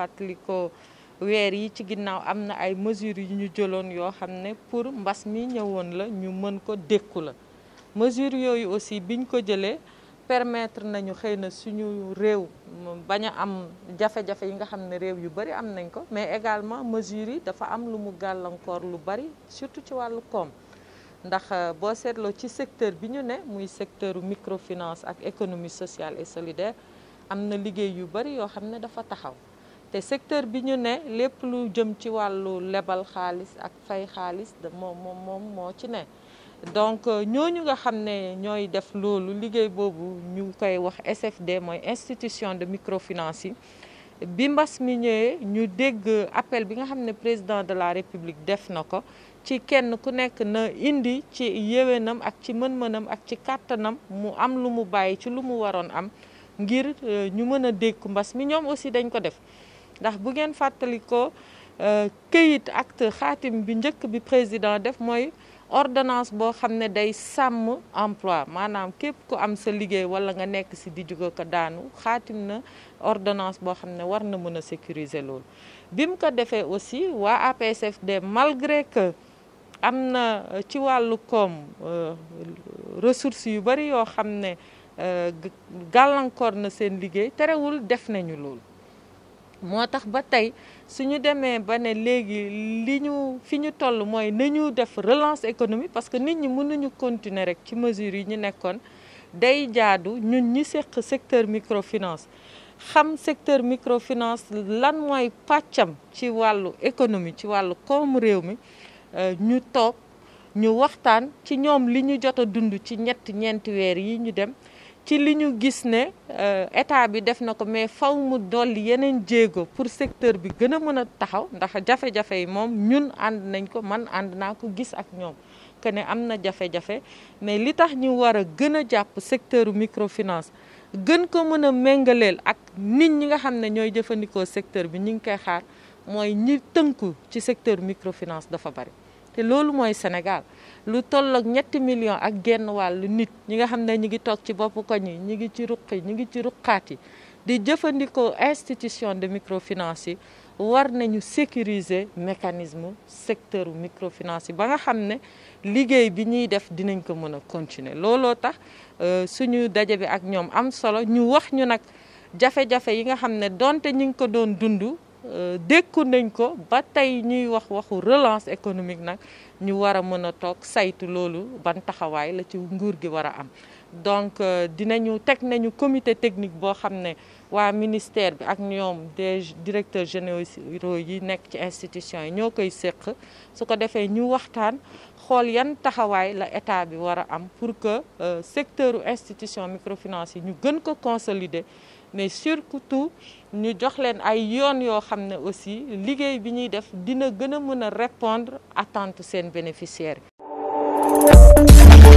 fàttali weer yi ci ginnaaw am na ay mesures yu ñu jëloon yoo xam ne pour mbas mi ñëwoon la ñu mën ko dékku la mesures yooyu aussi biñ ko jëlee permettre nañu xëy na suñu réew bañ a am jafe-jafe yi nga xam ne réew yu bari am nañ ko mais également mesures yi dafa am lu mu gàllankoor lu bari surtout ci wàllu koom ndax euh, boo seetloo ci secteur bi ñu ne muy secteur microfinance ak économie sociale et solidaire am na liggéey yu bari yoo xam ne dafa taxaw te secteur bi ñu ne lépp lu jëm ci wàllu lebal xaalis ak fay xaalis moom moom moom moo ci ne donc euh, ñooñu nga xam ne ñooy def loolu liggéey boobu ñu koy wax SFD mooy institution de microfinance yi bi mbas mi ñu dégg appel bi nga xam ne président de la république def na ko ci kenn ku nekk na indi ci yéwénam ak ci mën-mënam ak ci kàttanam mu am lu mu bàyyi ci lu mu waroon am ngir euh, ñu mën a dégg mbas mi ñoom aussi dañ ko def ndax bu ngeen fàttalikoo euh, këyit acte xaatim bi njëkk bi président def mooy ordonnance boo xam ne day sàmm emploi maanaam képp ku am sa liggéey wala nga nekk si di jóge ko daanu xaatim na ordonnance boo xam ne war na mën a sécuriser loolu bi mu ko defee aussi waa APSFD malgré que am na euh, ci wàllu koom euh, ressources yu bari yoo xam ne gàllankoor na seen liggéey terewul def nañu loolu moo tax ba tey suñu demee ba ne léegi li ñu fi ñu toll mooy nañu def relance économique parce que nit ñi mun nañu continuer rek ci mesure yi ñu nekkoon day jaadu ñun ñi seq secteur microfinance xam secteur microfinance lan mooy pàccam ci wàllu économie ci wàllu koom réew mi euh, ñu toog ñu waxtaan ci ñoom li ñu jot a dund ci ñett ñeenti weer yi ñu dem ci li ñu gis ne euh, état bi def na ko mais faw mu dolli yeneen jéego pour secteur bi gën a mën a taxaw ndax jafe-jafe yi moom ñun ànd nañ ko man ànd naa ko gis ak ñoom que ne am na jafe-jafe mais li tax ñu war a gën a jàpp secteur microfinance gën ko mën a méngaleel ak nit ñi nga xam ne ñooy jëfandikoo secteur bi ñu ngi koy xaar mooy ñi tënku ci secteur microfinance dafa bari te loolu mooy Sénégal lu tolloog ñetti million ak genn wàllu nit ñi nga xam ne ñi ngi toog ci boppu koñ yi ñi ngi ci ruq yi ñi ngi ci ruqaat yi di jëfandikoo institution de microfinance yi war nañu sécuriser mécanisme secteur microfinance yi ba nga xam ne liggéey bi ñuy def dinañ ko mën a continuer looloo tax euh, suñu daje bi ak ñoom am solo ñu wax ñu nag jafe-jafe yi nga xam ne donte ñu ngi ko doon dundu Euh, dékku nañ ko ba tey ñuy wax waxu relance économique nag ñu war a mën a toog saytu loolu ban taxawaay la ci nguur gi war a am donc euh, dinañu teg nañu comité technique boo xam ne waa ministère bi ak ñoom des directeurs généraux yi nekk ci institution yi ñoo koy séq su ko defee ñu waxtaan xool yan taxawaay la état bi war a am pour que euh, secteur institution microfinance yi ñu gën ko consolider mais surtout ñu jox leen ay yoon yoo xam ne aussi liggéey bi ñuy def dina gën a mën a répondre attente seen bénéficiaires yi